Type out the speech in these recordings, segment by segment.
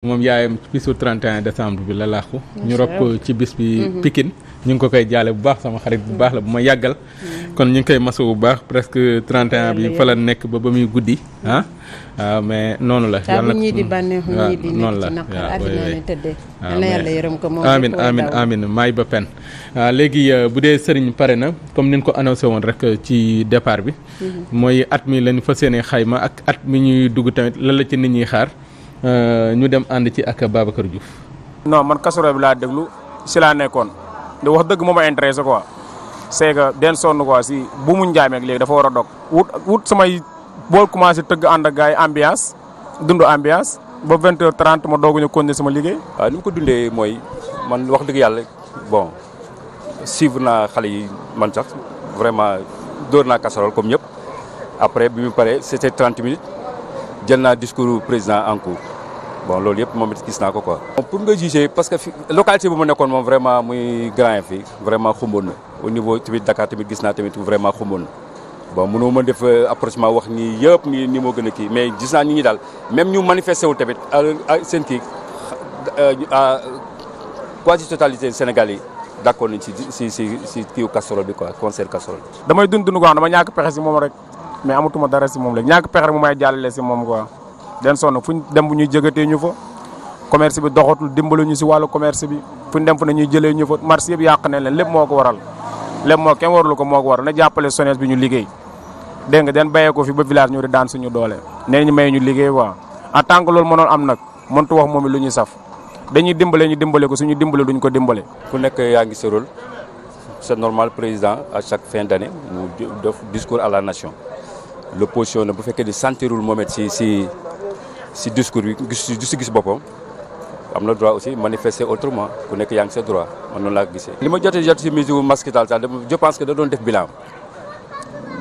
moom yaayam bisu 31 décembre bi la làqu ñu rob ci bis bi mhm. pikin ñu ngi ko koy jaalee bu baax sama xarit bu baax la bu ma yàggal mhm. kon ñu ngi koy maso bu baax presque 31 bi fa la nekk ba ba muy guddi ah, ah mais noonu la yàlla ñii di bànneexu ñii di nekk ci naqar àddina ne tëddee na ah, yàlla yërëm ko moom amin amin amin maay ba pen ah, léegi euh, bu dee sëriñ pare na comme niñ ko annoncé woon rek euh, ci départ bi mhm. mooy at mi lañu fa yéene xayma ak at mi ñuy dugg tamit lan la ci nit ñuy xaar Euh, ñu dem ànd ci ak kër Diouf. non man Kazu Rap bi laa déglu si laa nekkoon di wax dëgg moo ma intéressé quoi c'est que den sonn quoi si bu mu njaameeg léegi dafa war a dog wut wut samay boo commencé tëgg ànd ak gars yi ambiance dund ambiance ba vingt heures ma doog a ñu sama liggéey. waaw ah, ni mu ko dundee mooy man wax dëgg yàlla bon suivre naa xale yi man sax vraiment dóor naa casserole comme ñëpp après bi mu paree c'était 30 minutes jël naa discours président en bon loolu yëpp moom it gis naa ko quoi. pour nga juger parce que fi localité bu ma nekkoon moom vraiment muy grand fi vraiment xumboon na au niveau tamit Dakar tamit gis naa tamit vraiment xumboon na bon mënoo ma def euh, approchement wax nii yëpp ni nii moo gën kii mais gis naa nit ñi daal même ñu manifesté wul tamit seen kii euh, quasi totalité Sénégal yi d'accord nañ si si si si kiiw casserole bi quoi concert casserole damay dund dund ko dama ñàkk pexe si moom rek mais amatuma dara si moom léegi ñàkk pexe rek mu may jàllale si moom quoi. den sonn fuñ dem bu ñuy jëgatee ñu fa commerce bi doxatul dimbalu ñu si wàllu commerce bi fuñ dem fu na ñuy jëlee ñu fa marché yëpp yàq nañ leen lépp moo ko waral lépp moo kenn warlu ko moo ko waral na jàppale SONES bi ñu liggéey dégg nga den bayee ko fi ba village ñu di daan suñu doolee nee ñu may ñu liggéey waaw en tant que loolu mënoon am nag mëntu wax moom lu ñuy saf dañuy dimbale ñu dimbale ko suñu dimbale duñ ko dimbale. ku nekk yaa ngi sa rôle c'est normal président à chaque fin d'année mu def discours à la nation l'opposition bu fekkee di sentirul moom si si. si discours bi gis si gis boppam am na droit aussi manifester autrement ku nekk yaa ngi sa droit man noonu laa gisee. li ma jotee jot si musique Macky Sall sax que da doon def bilan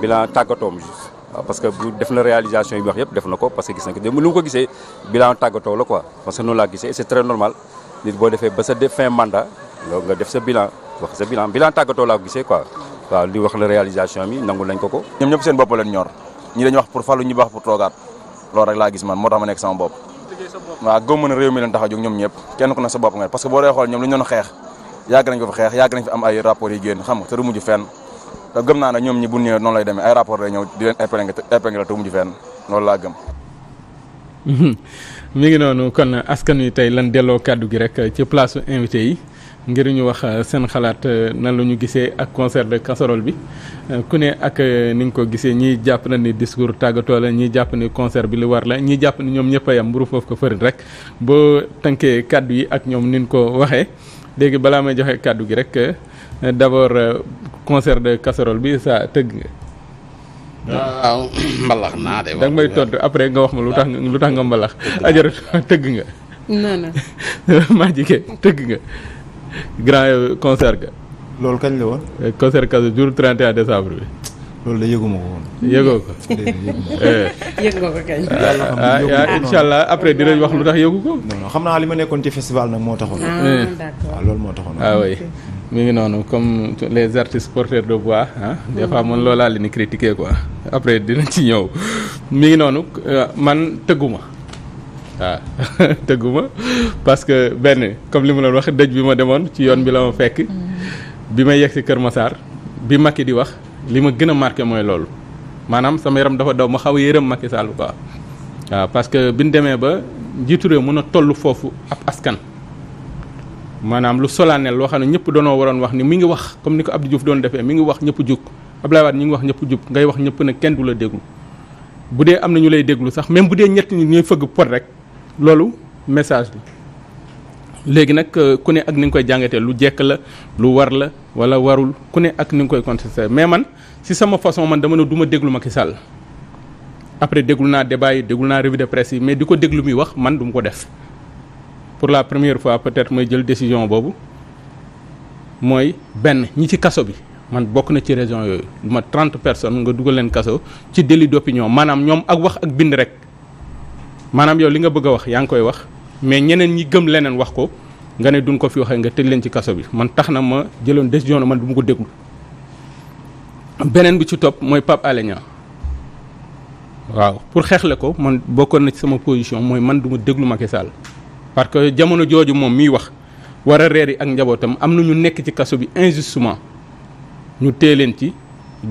bilan tàggatoom juste waaw parce que bu def na réalisation yi yëpp def na ko parce que gis na ko lu mu ko gisee bilan tàggatoo la quoi parce que noonu laa gisee et nga def sa bilan wax sa tàggatoo laa ko gisee waaw li wax la réalisation mi nangu nañ ko ko. ñoom ñëpp seen bopp leen ñor ñi dañu wax pour falu ñu wax pour toogaat. loolu rek laa gis man moo tax ma nekk sama bopp waaw gëm na réew mi leen tax a jóg ñoom ñëpp kenn ku ne sa bopp nga parce que boo dee xool ñoom lu ñu xeex yàgg nañ ko fi xeex yàgg nañ fi am ay rapport yi génn xam nga te du mujj fenn naa ne ñoom ñi bu ñëwee noonu lay demee ay rapport lay ñëw di leen épingle te du laa gëm mi ngi noonu kon askan wi tey lan delloo kàddu gi rek ci place invité yi ngir ñu wax euh, seen xalaat euh, nan la ñu gisee ak concert de casserole bi euh, ku ne ak ni nga ko gisee ñii jàpp na ni discours tàggatoo la ñii jàpp ni concert bi li war la ñii jàpp ni ñoom ñëpp a yam mburu foofu ko fërit rek boo tënkee kàddu yi ak ñoom ni ko waxee léegi balaa may joxe kàddu gi rek d'abord concert de casserole bi sa tëgg nga. waaw mbalax naa de. da nga may tontu après nga wax ma lu tax lu tax nga mbalax. ajarat tëgg nga. maa jigéen tëgg nga. grand concert ga loolu kañ la woon. Eh, concert Kazu jour 31 décembre bi. loolu de yëguma ko woon. yëgoo ko. yëg incha allah après dinañ wax lu tax yëgu ko. non non xam naa li ma nekkoon ci festival nag moo taxoon. waaw ah, eh. ah, loolu moo taxoon. ah oui mi ngi noonu comme les artistes porteurs de voix ah. des fois man loolaa li ni critiquer quoi après dina ci ñëw mi ngi noonu eh, man tëgguma waaw ah. tëgguma parce que benn comme li ma doon wax dëj bi ma demoon ci yoon bi la ma fekk mm. bi may yegg si Kër Massar bi Macky di wax li ma gën a marqué mooy loolu maanaam sama yaram dafa daw ma xaw a yërëm Macky Sall ko waaw ah, parce que bi ñu demee ba njiitu réew mën a toll foofu ab askan maanaam lu solennel loo xam ne ñëpp doonoo waroon wax ni mi ngi wax comme ni ko Abdou Diouf doon defee mi ngi wax ñëpp jug Abdoulaye Wade ñi ngi wax ñëpp jug ngay wax ñëpp ne kenn du la déglu bu dee am na ñu lay déglu sax même bu dee ñett ñi ñuy fëgg pot rek loolu message bi léegi nag euh, ku ne ak ni nga koy jàngatee lu jekk la lu war la wala warul ku ne ak ni nga koy contesté mais man si sama façon man dama ne du ma déglu Macky Sall après déglu naa débat yi déglu naa revue de presse yi mais di ko déglu muy wax man duma ko def pour la première fois peut-être may jël décision boobu mooy benn ñi ci kaso bi man bokk na ci région yooyu ma 30 personnes nga dugal leen kaso ci délit d'opinion maanaam ñoom ak wax ak bind rek. maanaam yow li nga bëgg a wax yaa ngi koy wax mais ñeneen ñi gëm leneen wax ko nga ne duñ ko fi waxee nga tëj leen ci kaso bi man tax na ma jëloon décision man du ma ko déglu beneen bi ci topp mooy Pape Alé waaw pour xeexle ko man bokkoon na ci sama position mooy man duma déglu ma Sall parce que jamono jooju moom miy wax war a reer yi ak njabootam am na ñu nekk ci kaso bi injustement ñu téye leen ci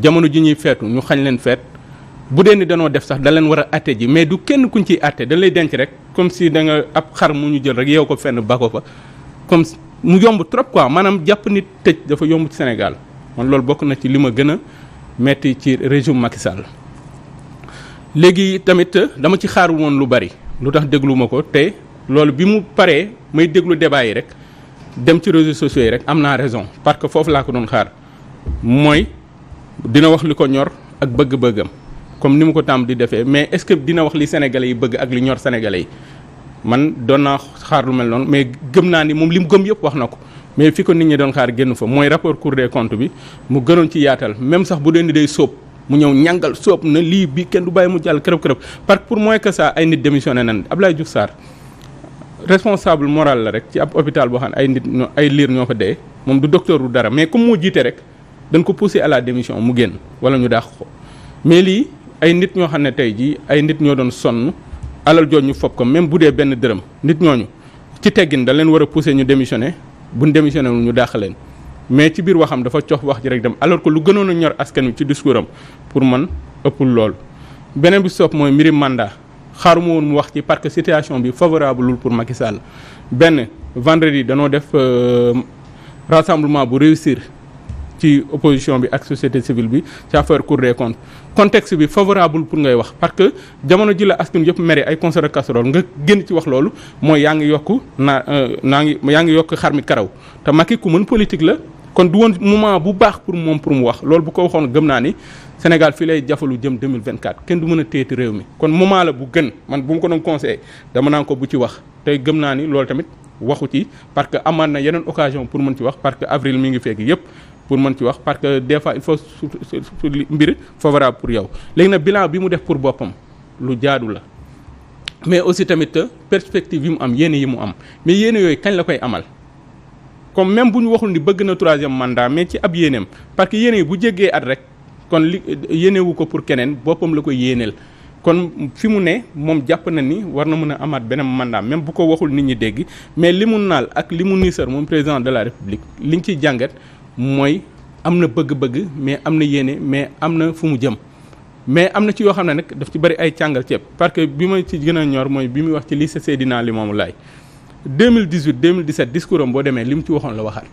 jamono ji ñuy feetu ñu xañ leen feet bu dee ni danoo def sax da leen war a atte ji mais du kenn kuñ ciy atte da lay denc rek comme si da nga ab xar mu ñu jël rek yow ko fenn ba ko fa comme mu yomb trop quoi maanaam jàpp nit tëj dafa yomb ci Sénégal man loolu bokk na ci li ma gën a metti ci régime Macky Sall léegi tamit dama ci xaar woon lu bari lu tax déglu ma ko te loolu bi mu paree may déglu débat yi rek dem ci réseaux sociaux yi rek am naa raison parce que foofu laa ko doon xaar mooy dina wax li ko ñor ak bëgg-bëggam comme ni mu ko tàmm di defee mais est-ce que dina wax li sénégalais yi bëgg ak li ñor sénégalais yi man doon naa xaar lu mel noonu mais gëm naa ni moom li mu gëm yëpp wax na ko mais fi ko nit ñi doon xaar génn fa mooy rapport Cour des comptes bi mu gënoon ci yaatal même sax bu dee ni day sóob mu ñëw ñàngal soob na lii bi kenn du bàyyi mu jàll kërëb kërëb parce que pour moins que ça ay nit démissionné nan Abdoulaye Diouf saar responsable moral la rek ci ab hôpital boo xam ne ay nit ay liir ñoo fa dee moom du docteur dara mais comme moo jiite rek dañ ko poussé à la démission mu génn wala ñu daax ko ay nit ñoo xam ne tey jii ay nit ñoo doon sonn alal jooj ñu fob ko même bu dee benn dërëm nit ñooñu ci teggin da leen war a pousser ñu démissionné buñ démissionné ñu dàq leen mais ci biir waxam dafa cox wax ji rek dem alors que lu gënoon a ñor askan wi ci discours am pour man ëpp lool beneen bi sopp mooy mbiri mandat xaaruma woon mu wax ci parce que situation bi favorable lul pour Macky Sall benn vendredi danoo def euh, rassemblement bu réussir ci opposition bi ak société civile bi ci affaire Cour des comptes. contexte bi favorable pour ngay wax parce que jamono ji la askan yëpp mere ay concert de casserole nga génn ci wax loolu mooy yaa ngi yokk na euh, naa ngi yaa ngi yokk xar mi karaw te Macky ku mën politique la kon du woon moment bu baax pour moom pour mu wax loolu bu ko waxoon gëm naa ni Sénégal fii lay jafalu jëm 2024 kenn du mën a téyeti réew mi kon moment la bu gën man bu ma ko doon conseillé dama naa ko bu ci wax tey gëm naa ni loolu tamit waxu ci parce que amaat na yeneen occasion pour mën ci wax parce que avril mi ngi fekk yëpp pour mën ci wax parce que des fois il faut mbir favorable pour yow léegi nag bilan bi mu def pour boppam lu jaadu la mais aussi tamit perspective yi mu am yéene yi mu am mais yéene yooyu kañ la koy amal comme même bu ñu waxul ni bëgg na troisième mandat mais ci ab yéeneem parce que yéene yi bu jéggee at rek kon li yéenewu ko pour keneen boppam la koy yéeneel kon fi mu ne moom jàpp na ni war na mën a amaat beneen mandat même bu ko waxul nit ñi dégg mais li mu naal ak li mu niisar moom président de la république liñ ciy jàngat mooy am na bëgg-bëgg mais am na yéene mais am na fu mu jëm mais am na ci yoo xam ne nag daf ci bari ay càngal ceeb parce que bi ma ci gën a ñor mooy bi muy wax ci laay lycée Seydina Limamou Laye 2018 2017 discours am boo demee li mu ci waxoon la waxaat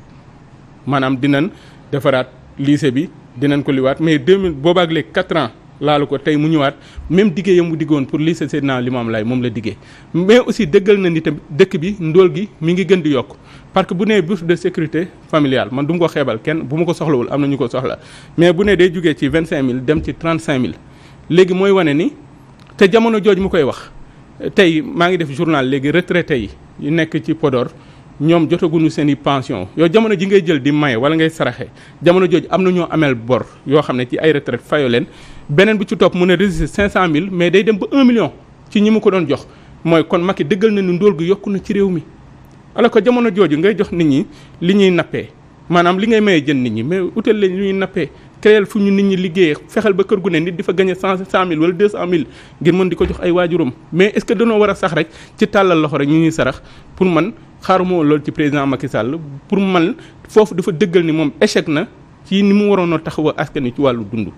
maanaam dinañ defaraat lycée bi dinañ ko liwaat mais mille boobaag léegi 4 ans. laalu ko tey mu ñëwaat même diggee yam mu diggoon pour li Seydina Limamou lay moom la diggee mais aussi dëggal na ni te dëkk bi ndóol gi mi ngi gën di yokk parce que bu nee bourse de sécurité familiale man du ma ko xeebal kenn bu ma ko soxlawul am na ñu ko soxla mais bu nee day jugee ci vingt cinq mille dem ci trente cinq mille léegi mooy wane ni te jamono jooj mu koy wax tey maa ngi def journal léegi retraité yi yu nekk ci podoor ñoom jotaguñu seen i pension yow jamono ji ngay jël di maye wala ngay saraxe jamono jooju am na ñoo ameel bor yoo xam ne ci ay retraite fayo leen beneen bu ci topp mu ne registre 500000 mais day dem ba un million ci ñi mu ko doon jox mooy kon Macky dëggal na ni ndóol gi yokk na ci réew mi. alors ko jamono jooju ngay jox nit ñi li ñuy nappee maanaam li ngay maye jën nit ñi mais utal lañ li ñuy nappee créel fu ñu nit ñi liggéeyee fexeel ba kër gu ne nit di fa gagné cent cent mille wala deux mille ngir mën di ko jox ay waajuram mais est ce que danoo war a sax rek ci tàllal rek ñu ñuy sarax pour man xaaruma loolu ci président Macky Sall pour man foofu dafa dëggal ni moom échec na ci ni mu waroon a taxaw askan ci wàllu dund.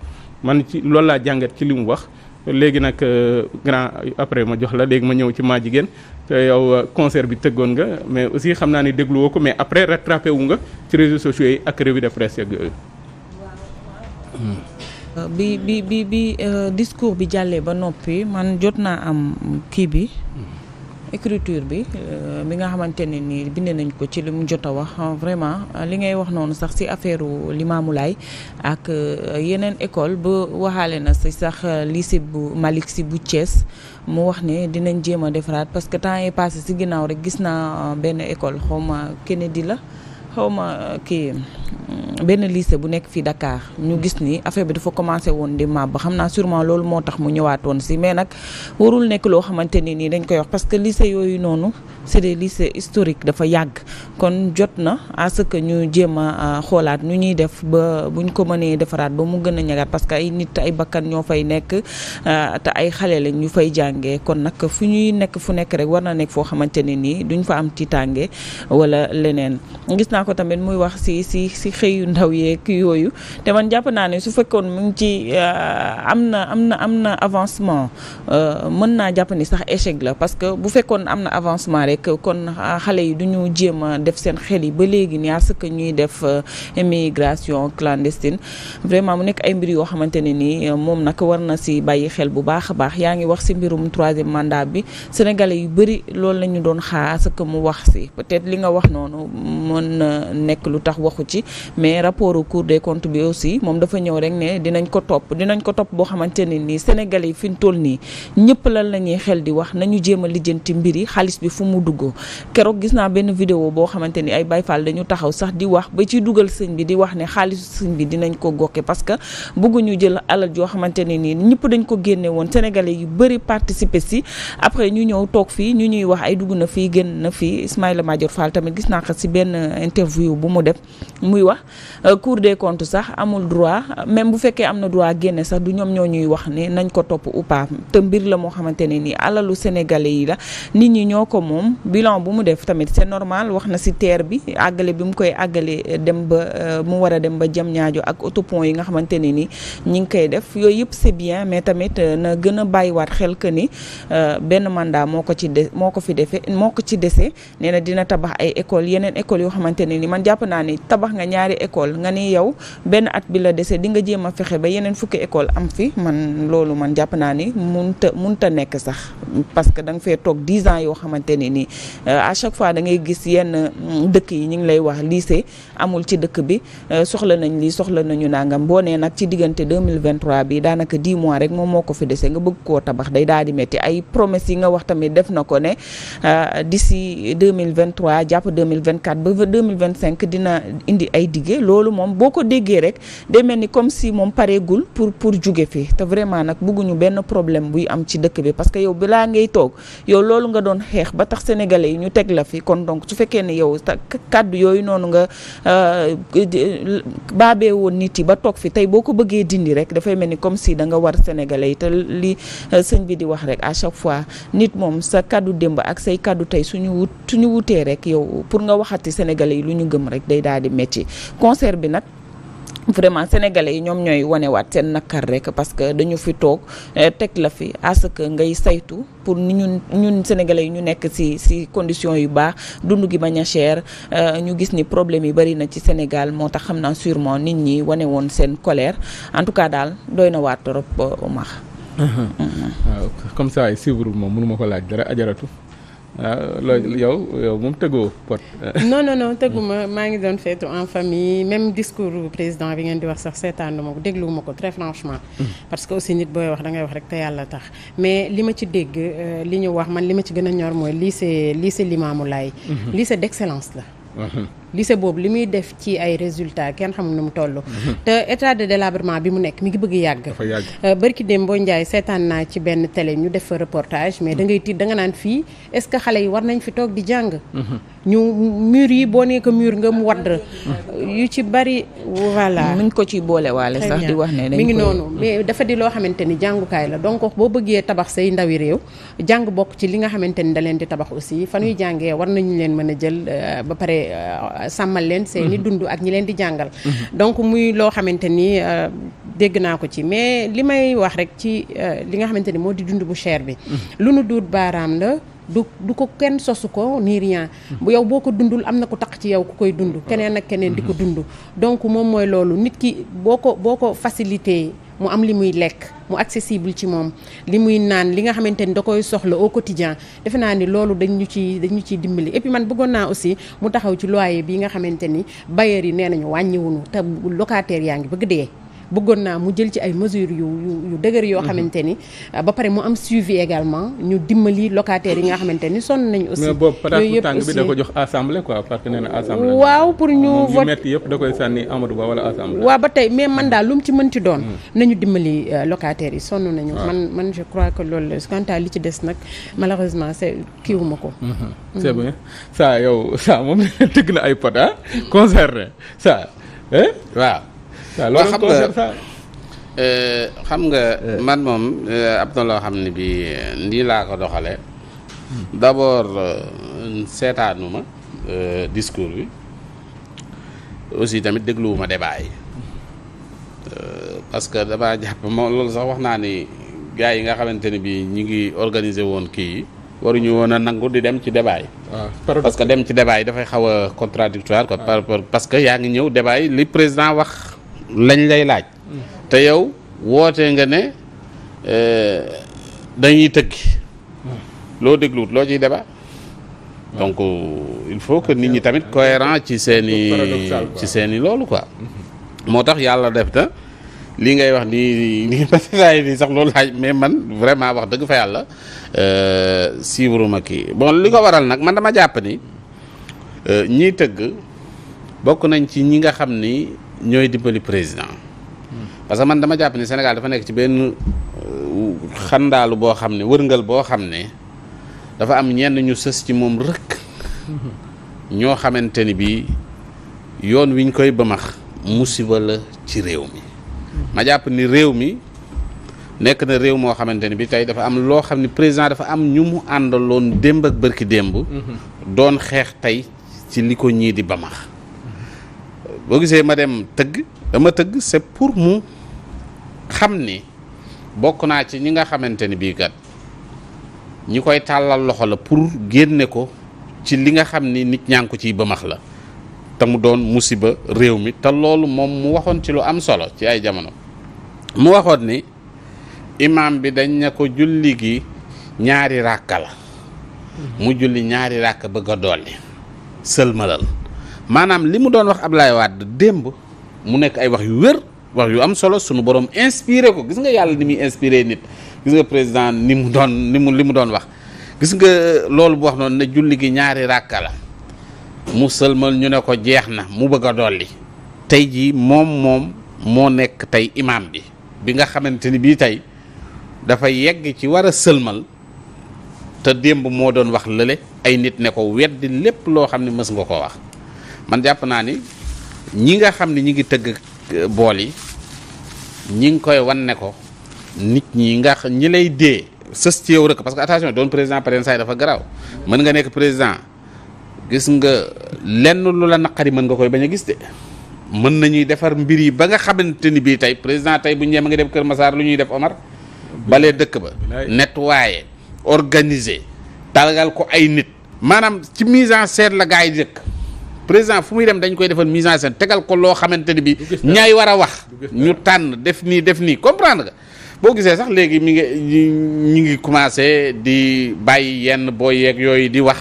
man ci loolu laa jàngat ci li mu wax léegi nag euh, grand après ma jox la léegi ma ñëw ci maa jigéen te yow euh, concert bi tëggoon nga mais aussi xam naa ni déglu woo ko mais après rattrapé wu nga ci réseaux sociaux yi ak revue de presse yeeg yooyu. Euh, bi bi bi bi discours bi jàllee ba noppi man jot naa am kii bi. Hmm. écriture bi euh, bi nga xamante ne nii bind nañ ko ci li mu jot a wax vraiment li ngay wax noonu sax si affaire Limaamu Laay ak euh, yeneen école ba waxaale na si sax si euh, bu Malick Sy bu Thiès mu wax ne dinañ jéem a defaraat parce que temps yi passé si ginnaaw rek gis naa benn école xaw ma Kennedy la. xaw ma kii benn lycée bu nekk fii Dakar ñu gis ni affaire bi dafa commencé woon di màbb ba xam naa sûrement loolu moo tax mu ñëwaatoon si mais nag warul nekk loo xamante ni nii dañ koy wax parce que lycée yooyu noonu c'est des lycées historiques dafa yàgg kon jot na à ñu jéem a xoolaat ñu ñuy def ba buñ ko mënee defaraat ba mu gën a ñagaat parce que nit ay bakkan ñoo fay nekk te ay xale lañ ñu fay jàngee kon nag fu ñuy nekk fu nekk rek war na nekk foo xamante ne nii duñ fa am tiitaange wala leneen gis naa ko tamit muy wax si si si xëyu ndaw yeeg yooyu te man jàpp naa ne su fekkoon mu ngi ci euh, am na am na am na avancement euh, mën naa jàpp ni sax échec la parce que bu fekkoon am na avancement rek kon euh, xale yi du ñu jéem a def seen xel yi ba léegi ñaar sëkk ñuy def émigration clandestine vraiment mu nekk ay mbir yoo xamante ne nii moom nag war na si bàyyi xel bu baax a baax yaa ngi wax si mbirum troisième mandat bi sénégalais yu bëri loolu la doon xaar sëkk mu wax si a nekk lu tax waxu ci mais rapport au cours des bi aussi moom dafa ñëw rek ne dinañ ko topp dinañ ko topp boo xamante ne nii Sénégalais yi fi ñu toll nii ñëpp lan la ñuy xel di wax nañu jéem a lijjanti mbir yi xaalis bi fu mu duggoo keroog gis naa benn vidéo boo xamante ni ay Baye Fall dañu taxaw sax di wax ba ci dugal sëñ bi di wax ne xaalisu sëñ bi dinañ ko gokke parce que bëgguñu jël alal joo xamante ne nii ñëpp dañ ko génne woon Sénégalais yu bëri participer si après ñu ñëw toog fii ñu ñuy wax ay dugg na fii génn na fii Ismaïla Madior Fall tamit gis naa ko si benn interview bu mu def muy wax euh, cour des comptes sax amul droit même bu fekkee am na droit génne sax du ñoom ñoo ñuy wax ne nañ ko topp ou te mbir la moo xamante ne nii alalu sénégalais yi la nit ñi ñoo ko moom bilan bu mu def tamit c'est normal wax na ci terre bi àggale bi mu koy àggale euh, dem ba euh, mu war a dem ba jëm ñaajo ak autopont yi nga xamante ne ni ñi ngi koy def yooyu yëpp c'est bien mais tamit na gën a bàyyiwaat xel que ni benn mandat moo ko ci de moo ko fi defee moo ko ci dese nee dina tabax ay écoles yeneen écoles yoo xamante ne ni man jàpp naa ni tabax nga ñaari école nga ni yow benn at bi la desee di nga jéem a fexe ba yeneen fukki école am fi man loolu man jàpp naa ni munta munta nekk sax parce que da nga fee toog 10 ans yoo xamante ne nii euh, à chaque fois da ngay gis yenn mm, dëkk yi ñu ngi lay wax lycée amul ci dëkk bi euh, soxla nañ lii soxla nañu nangam boo nee nag ci diggante mille 2023 bi daanaka 10 mois rek moom moo ko fi dese nga bëgg koo tabax day daal di métti ay promesses yi nga wax tamit def na ko ne euh, d'ici 2023 jàpp 2024 ba 20 2025 dina indi ay dige loolu moom boo ko déggee rek day mel ni comme si moom pareegul pour pour juge fi te vraiment nag bëgguñu benn problème buy am ci dëkk bi parce que yow balaa ngay toog yow loolu nga doon xeex ba tax sénégalais yi ñu teg la fi kon donc su fekkee ne yow kàddu yooyu noonu nga euh, baabee woon nit yi ba toog fi tey boo ko bëggee dindi rek dafay mel ni comme si da nga war sénégalais yi te li euh, sëñ bi di wax rek à chaque fois nit moom sa kaddu démb ak say kàddu tey suñu wut suñu wutee rek yow pour nga waxati sénégalais yi lu ñu gëm rek day daal di métti concert bi nag vraiment sénégalais yi ñoom ñooy wane waat seen nakar rek parce que dañu fi toog eh, teg la fi à que ngay saytu pour ni ñun ñun sénégalais yi ñu nekk si si conditions yu baax dund gi bañ a cher eh, ñu gis ni problème yi bari na ci Sénégal moo tax xam naa sûrement nit ñi wane woon seen colère en tout cas daal doy na waar trop Omar. waaw ah, comme ça ay suivre moom mënuma ko laaj dara ajaratu. waaw euh, loolu yow yow moom tëggoo pot. non non non tëgguma maa ngi doon feetu en famille même discours président bi ngeen di wax sax seetaanuma ko dégluwuma ko très franchement. parce que aussi nit booy wax dangay wax rek te yàlla tax mais li ma ci dégg euh, li ñu wax man li ma ci gën a ñor mooy lii lycée lycée Limamou Laye se mhm. d'excellence la. Mhm. lycée boobu li muy def ci ay résultat kenn xamul nu mu toll. Mhm. te état de délabrement bi mu nekk mi ngi bëgg yàgg. dafa yàgg euh, barki Dembo Ndiaye seetaan naa ci benn tele ñu def fa reportage mais da ngay tiit da nga naan fii est-ce que xale yi war nañ fi toog di jàng. Mhm. ñu mur yi boo nekk mur nga mu wadd. yu ci bari voilà. muñ ko ci boolewaale sax di wax ne. mi ngi noonu mais dafa di loo xamante ni jàngukaay la donc boo bëggee tabax say ndawi réew jàng bokk ci li nga xamante ni da leen di tabax aussi fa ñuy jàngee war nañu leen mën a jël euh, ba pare. Euh, sàmmal leen seen i mhm. dund ak ñi leen di jàngal mhm. donc muy loo xamante ni euh, dégg naa ko ci mais li may wax rek ci euh, li nga xamante ni moo di dund bu cher bi mhm. lu nu duut baaraam la du du ko kenn sosu ko ni rien bu yow boo ko dundul am na ko tax ci yow ku koy dund keneen ak keneen di ko dund donc moom mooy loolu nit ki boo ko boo ko facilité mu am li muy lekk mu accessible ci moom li muy naan li nga xamante ni da koy soxla au quotidien defe naa ni loolu dañu ci dañu ciy dimbali et man bëggoon naa aussi mu taxaw ci loyer bi nga xamante ni bailleurs yi nee nañu wàññiwunu te locataires yaa ngi bëgg dee bëggoon naa mu jël ci ay mesures yu yu yu dëgër yoo mhm. xamante ni euh, ba pare mu am suivi également ñu dimbali locataires yi nga xamante ni sonn nañu aussi yooyu yëpp da ko jox assemblée quoi parce que nee na waaw pour ñu vote metti yëpp da koy sànni Amadou Ba wala assemblée waaw ba tey mais man daal lu mu ci mën ci doon mhm. nañu dimbali euh, locataires yi sonn nañu man man je crois que loolu quant à li ci des nag malheureusement c'est kiiwuma ko mhm. c'est bien ça yow ça moom tëgg na ay pot ah sa ça waaw xam nga euh, xam nga euh. man moom euh, ab na loo xam ne bi nii laa ko doxale d'abord seetaanuma discours bi aussi tamit dégluwuma débat yi parce que dama jàpp moom loolu sax wax naa ni gars yi nga xamante ni bi ñi ngi organiser woon kii yi waruñu woon a nangu di dem ci débat yi ah, que dem ci débat yi dafay xaw a contradictoire quoi ah. parce que yaa ngi ñëw débat yi li président wax lañ lay laaj mm. te yow wootee nga ne eh, dañuy tëggi mm. loo dégluwut loo ciy débat mm. donc euh, il faut que nit ñi tamit cohérent ci seeni seeni loolu quoi mm-hmm. moo tax yàlla def na li ngay wax nii li nii sax loolu laaj mais man vraiment wax dëgg fa yàlla euh, suivre ma kii bon li ko waral nag man dama jàpp ni euh, ñii tëgg bokk nañ ci ñi nga xam ni ñooy dimbali président parce que man dama jàpp ni Sénégal dafa nekk ci benn euh, xandaalu boo xam ne wërngal boo xam ne dafa am ñenn ñu sës ci moom rëkk ñoo xamante ni bii yoon wiñ koy bamax musiba la ci réew mi ma jàpp ni réew mi nekk na réew moo xamante ni bi tey dafa am loo xam ni président dafa am ñu mu àndaloon démb ak bërki démb mm-hmm. doon xeex tey ci li ko ñii di bamax boo gisee ma dem tëgg dama tëgg c'est pour mu xam ni bokk naa ci ñi nga xamante ni bii kat ñi koy tàllal loxo la pour génne ko ci li nga xam ni nit ñaa ko ciy bëmax la te mu doon musiba réew mi te loolu moom mu waxoon ci lu am solo ci ay jamono mu waxoon ni imaam bi dañ ne ko julli gi ñaari ràkka la mu julli ñaari ràkk bëgg a dolli sëlmalal maanaam li mu doon wax ab Ablaye Wade démb mu nekk ay wax yu wér wax yu am solo sunu borom inspiré ko gis nga yàlla ni muy inspiré nit gis nga président ni mu doon ni mu li mu doon wax gis nga loolu bu wax noonu ne julli gi ñaari ràkka la mu sëlmal ñu ne ko jeex na mu bëgg a dolli tey jii moom moom moo nekk tey imaam bi bi nga xamante ni bii tey dafa yegg ci war a sëlmal te démb moo doon wax lële ay nit ne ko weddi lépp loo xam ne mës nga ko wax man jàpp naa ni ñi nga xam ne ñi ngi tëgg euh, bool yi ñi ngi koy wan ne ko nit ñi nga xam ñi lay dee sës ci yow rek parce que attention doon président par saa yi dafa garaaw mën nga nekk président gis nga lenn lu la yi mën nga koy bañ a gis de mën nañuy defar mbir yi ba nga xamante ni bii tey président tey bu ñu ma nga dem Kër Massar lu ñuy def Omar balee dëkk ba nettoyer organiser talgal ko ay nit maanaam ci mise en scène la gars yi dëkk président fu muy dem dañ koy defal mise en scène tegal ko loo xamante ni bi ñaay war a wax ñu tànn def nii def nii comprendre nga boo gisee sax léegi mi ngi ñu ngi commencé di bàyyi yenn boo yeeg yooyu di wax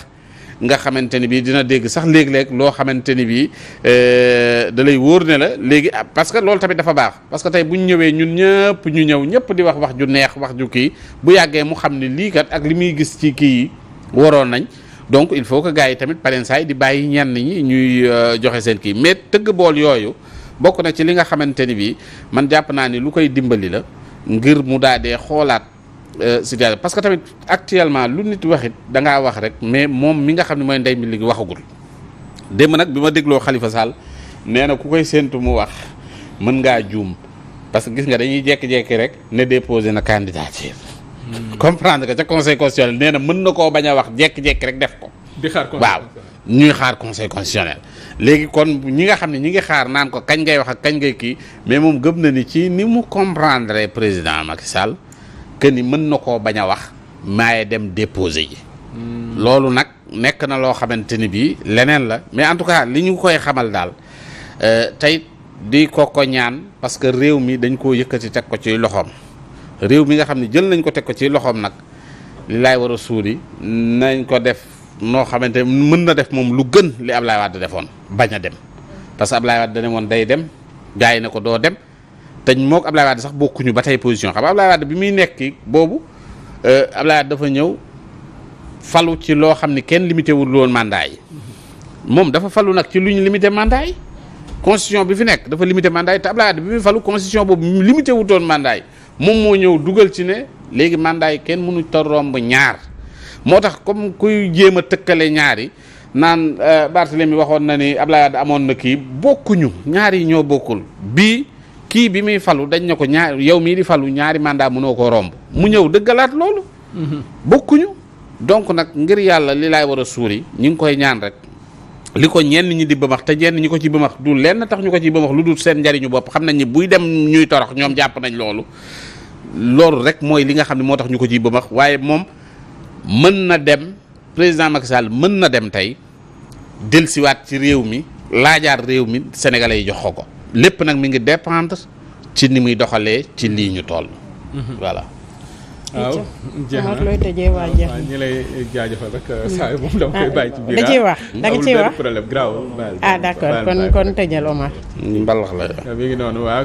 nga xamante ni bii dina dégg sax léeg-léeg loo xamante ni bii euh, da lay wóor ne la léegi ah, parce que loolu tamit dafa baax parce que tey bu ñu ñëwee ñun ñëpp ñu ñëw ñëpp di wax wax ju neex wax ju kii bu yàggee mu xam ne lii kat ak li muy gis ci kii yi waroon nañ donc il faut que gars yi tamit parensaay di bàyyi ñenn ñi ñuy euh, joxe seen kii mais tëgg bool yooyu bokk na ci li nga xamante ni bii man jàpp naa ni lu koy dimbali la ngir mu daa dee xoolaat euh, situation parce que tamit actuellement lu nit waxit da ngaa wax rek mais moom mi nga xam ne mooy ndey mi li waxagul démb nag bi ma dégloo xalifa Sall nee na ku koy séentu mu wax mën ngaa juum parce que gis nga dañuy jekki-jekki rek ne déposé na candidature comprendre que ca conseil constitutionnel nee na mën na koo bañ a wax jékki-jékki rek def ko. di xaar waaw ñuy xaar conseil constitutionnel. léegi kon ñi nga xam ne ñi ngi xaar naan ko kañ ngay wax ak kañ ngay kii mais moom gëm na ni ci ni mu comprendre président Macky Sall que ni mën na koo bañ a wax maaye dem déposé ji. Hmm. loolu nag nekk na loo xamante ni bii leneen la mais en tout cas li ñu koy xamal daal euh, tey di ko ko ñaan parce que réew mi dañ koo yëkkati teg ko ci loxoom. réew mi nga xam ne jël nañ ko teg ko ci loxoom nag li laay war a suuri nañ ko def noo xamante mën na def moom lu gën li Ablaye Wade defoon bañ a dem parce que Ablaye Wade woon day dem gars yi ne ko doo dem te moog Ablaye Wade bokkuñu ba tey position xam Ablaye bi muy nekk boobu euh, Ablaye dafa ñëw falu ci loo xam ni kenn limité wul woon mandat yi moom dafa falu nag ci lu ñu limité mandat yi constitution bi fi nekk dafa limité mandat yi te Ablaye Wade bi muy falu constitution boobu limité wutoon mandat yi moom moo ñëw dugal ci ne léegi mandat yi kenn mënu ta romb ñaar moo tax comme kuy jéem a tëkkale ñaar yi naan euh, Barthélemy waxoon na ni Abdoulaye Wade amoon na kii bokkuñu ñaari yi ñoo bokkul bii kii bi muy falu dañ ne ko ñaar yow mii di falu ñaari mandat munoo ko romb mu ñëw dëggalaat loolu mm-hmm. bokkuñu donc nag ngir yàlla li laay war a suur ñu ngi koy ñaan rek li ko ñenn ñi di bëmax te ñenn ñi ko ci bëmax du lenn tax ñu ko ci bëmax lu dul seen njariñu bopp xam nañ buy dem ñuy torox ñoom jàpp nañ loolu loolu rek mooy li nga xam ne moo tax ñu ko ciy bëmax waaye moom mën na dem président Macky Sall mën na dem tey delsiwaat ci réew mi laajaat réew mi sénégalais yi jox ko ko lépp nag mi ngi dépendre ci ni muy doxalee ci lii ñu tool mhm. waaw jeex na looy tëjee waa ñi lay jaajëfal rek euh, saa yu moom dama ah, koy bàyyi ci biir da ciy ah. wax da nga ciy wax problème grave ah d'accord kon ah,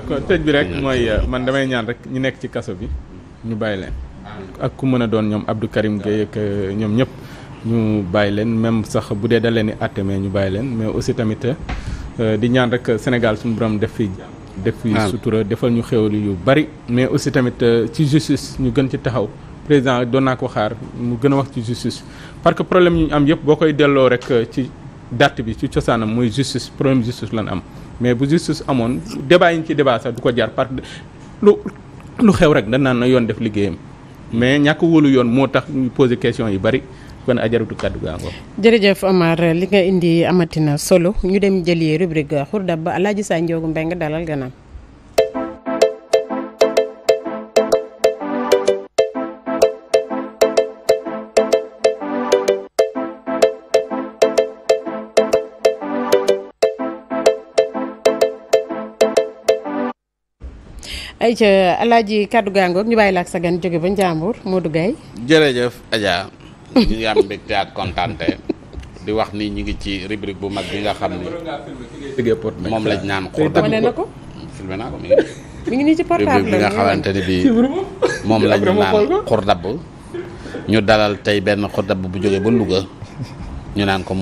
kon tëj bi rek mm. mooy euh, man damay ñaan rek ñu nekk ci kaso bi ñu bàyyi leen ak ku mën a doon ñoom abdu Karim Gueye ak euh, ñoom ñëpp ñu bàyyi leen même sax bu dee da leen di àtte ñu bàyyi leen mais aussi tamit di ñaan rek Sénégal suñu borom def fii def yu sutura defal ñu xéwal yu bari mais aussi tamit euh, ci justice ñu gën ci taxaw président doon naa ko xaar mu gën a wax ci justice parce que problème yi ñu am yëpp boo koy delloo rek euh, ci dart bi ci cosaanam mooy justice problème justice lan am mais bu justice amoon débat yi ñu ci débat sax du ko jar parce que lu lu xew rek dañ naan na yoon def liggéeyam mais ñàkk wóolu yoon moo tax ñu poser question yu bari kon ajaratu amatina solo ñu dem jëli rubrique Sa Ndiogou Mbengue dalal gannaaw. ay ca alaaji kàddu gaangoog ñu bàyyi la sa gan jóge ba Njàmbur Modou Gaye jërëjëf Adja ñu ngi am mbégte ak kontante di wax ni ñu ngi ci rubrique bu mag bi nga xam ni moom lañ naan xur dagg ngi mi ci portable bi nga xamante ni bii moom lañ naan xurdab ñu dalal tey benn xurdab bu jógee ba Louga ñu naan ko